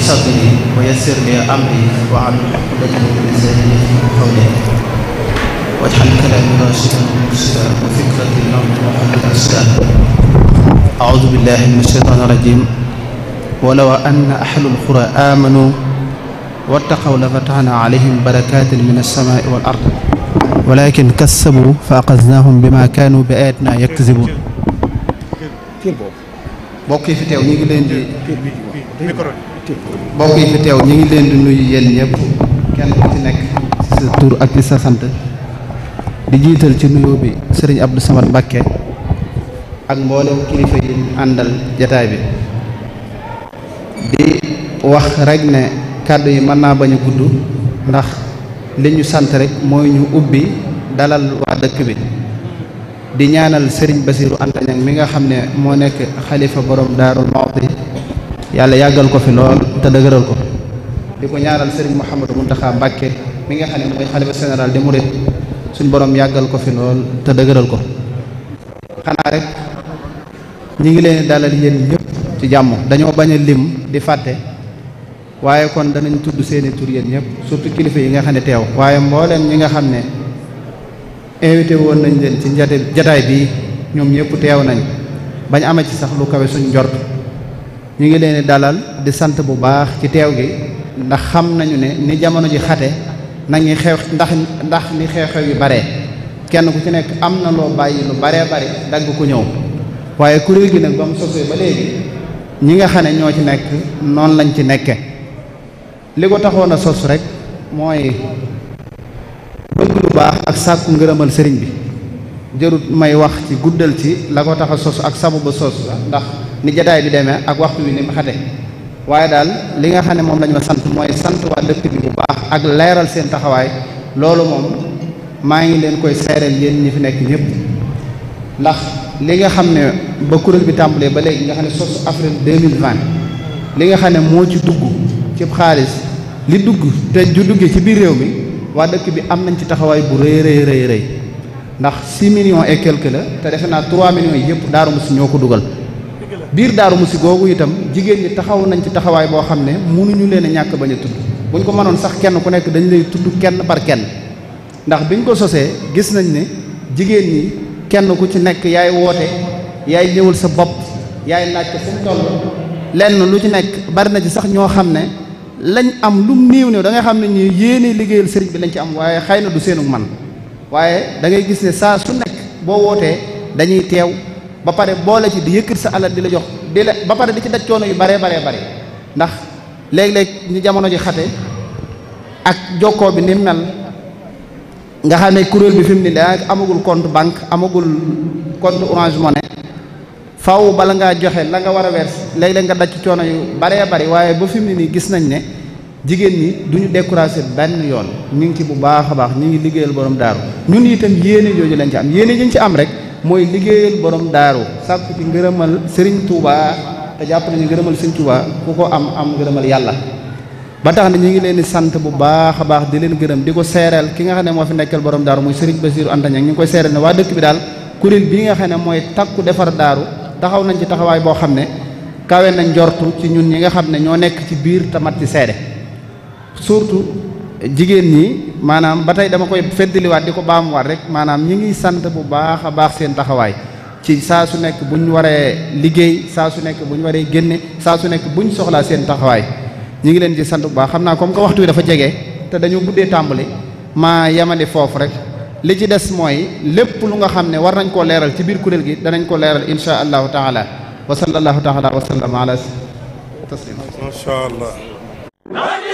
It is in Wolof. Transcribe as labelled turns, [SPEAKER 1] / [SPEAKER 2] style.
[SPEAKER 1] صدري ويسر لي أمري وعن عقدة لساني وقولي واجعل كلامي راشدا مرشدا وفكرتي نورا وحدا أعوذ بالله من الشيطان الرجيم ولو أن أهل القرى آمنوا واتقوا لفتحنا عليهم بركات من السماء والأرض ولكن كسبوا فأخذناهم بما كانوا بآياتنا يكذبون mbokk yi fi teew ñu ngi leen mbokk yi fi teew ñu ngi leen di nuyu yéen ñëpp kenn ku ci nekk ubi sa tur ak sa sant di jiital ci nuyoo bi sëriñ Abdou Samad Mbacké ak mboolem kilifa yi àndal jataay bi di wax rek ne kàddu yi mën naa bañ a gudd ndax li ñu sant rek mooy ñu ubbi dalal waa dëkk bi di ñaanal sëriñ Basiru Anta Ñaŋ mi nga xam ne moo nekk xalifa borom Daarul yalla yagal ko fi lool te dëgëral ko di ñaanal serigne mohammed muntaha Mbacké mi nga xam moy khalifa general de di murit suñ borom yagal ko fi lool te dëgëral ko xana rek ñi ngi leen dalal yeen ñepp ci jamm dañu baña lim di fàtte waye kon danañ tuddu seeni tour yeen ñepp surtout kilifa yi nga xam tew waye waaye ñi nga xamne invité won nañ leen ci jotaay bi ñom ñepp tew nañ bañ amé ci sax lu kawé suñ ñu ngi leen di dalal di sant bu baax ci teew gi ndax xam nañu ne ni jamono ji xate nañu xew ndax ndax ni xew-xew yu bare kenn ku ci nekk am na loo bàyyi lu baree bari dagg ku ñëw waaye kuréel gi nag ba sosee ba léegi ñi nga xam ne ñoo ci nekk noonu lañ ci nekke li ko taxoon a sos rek mooy bëgg lu baax ak sàkku ngërëmal sëriñ bi jërut may wax ci guddal ci la ko tax a sos ak sabu ba sos la ndax ni jataay bi demee ak waxtu wi ni mu waaye daal li nga xam ne moom la ñu ma sant mooy sant waa dëkk bi bu baax ak leeral seen taxawaay loolu moom maa ngi leen koy seereel yéen ñi fi nekk ñëpp ndax li nga xam ne ba kuréel bi tàmbalee ba léegi nga xam ne sos avril 2020 li nga xam ne moo ci dugg ci xaalis li dugg te ju duggee ci biir réew bi waa dëkk bi am nañ ci taxawaay bu rëy rëy rëy rëy ndax 6 millions et quelque te defe naa 3 millions yëpp Darou Mouhty ñoo ko dugal biir daaru musi googu itam jigéen ñi taxaw nañ ci taxawaay boo xam ne mënuñu leen a ñàkk bañ a tudd buñ ko mënoon sax kenn ku nekk dañ lay tudd kenn par kenn ndax biñ ko sosee gis nañ ne jigéen ñi kenn ku ci nekk yaay woote yaay ñëwal sa bopp yaay laaj ko fu lenn lu ci nekk bari na ci sax ñoo xam ne lañ am lu néew néew da nga xam ne ñu yéene liggéeyal sëriñ bi lañ ci am waaye xëy na du seenu man waaye da ngay gis ne saa su nekk boo wootee dañuy teew ba pare boole ci di yëkkat sa alal di la jox di la ba pare di ci daj coono yu baree bare bare ndax léeg-léeg ñu jamono ji xate ak jokkoo bi ni mel nga xam ne kuréel bi fi mu ne daanaka amagul compte banque amagul compte Orange Money faw bala ngaa joxe la nga war a wees léeg-léeg nga daj ci coono yu baree bari waaye ba fi mu ne nii gis nañ ne jigéen ñi du ñu découragé benn yoon ñu ngi ci bu baax a baax ñu ngi liggéeyal borom daaru ñun itam yéene jooju lañ ci am yéene ji ci am rek. mooy liggéeyal borom daaru sàkku ci ngërëmal sëriñ Touba te jàpp nañu ngërëmal sëriñ Touba ku ko am am ngërëmal yàlla ba tax na ñu ngi leen di sant bu baax a baax di leen gërëm di ko seereel ki nga xam ne moo fi nekkal borom daaru muy sëriñ Basiiru Anta Ñaŋ ñu koy seereel ne waa dëkk bi daal kuréel bi nga xam ne mooy takku defar daaru taxaw nañ ci taxawaay boo xam ne kaawe nañ jortu ci ñun ñi nga xam ne ñoo nekk ci biir tamat ci seede surtout jigéen ñi maanaam ba tey dama koy feddliwaat di ko baamuwaat rek maanaam ñi ngi sant bu baax a baax seen taxawaay ci saa su nekk bu ñu waree liggéey saa su nekk bu ñu waree génne saa su nekk bu soxlaa seen taxawaay ñi ngi leen ci sant bu baax xam naa comme que waxtu wi dafa jege te dañoo guddee tàmbali maa yamandi foofu rek li ci des mooy lépp lu nga xam ne war nañ koo leeral ci biir kuréel gi danañ koo leeral insha allah taala wa sallallahu taala wa sallam ala taslima ma sha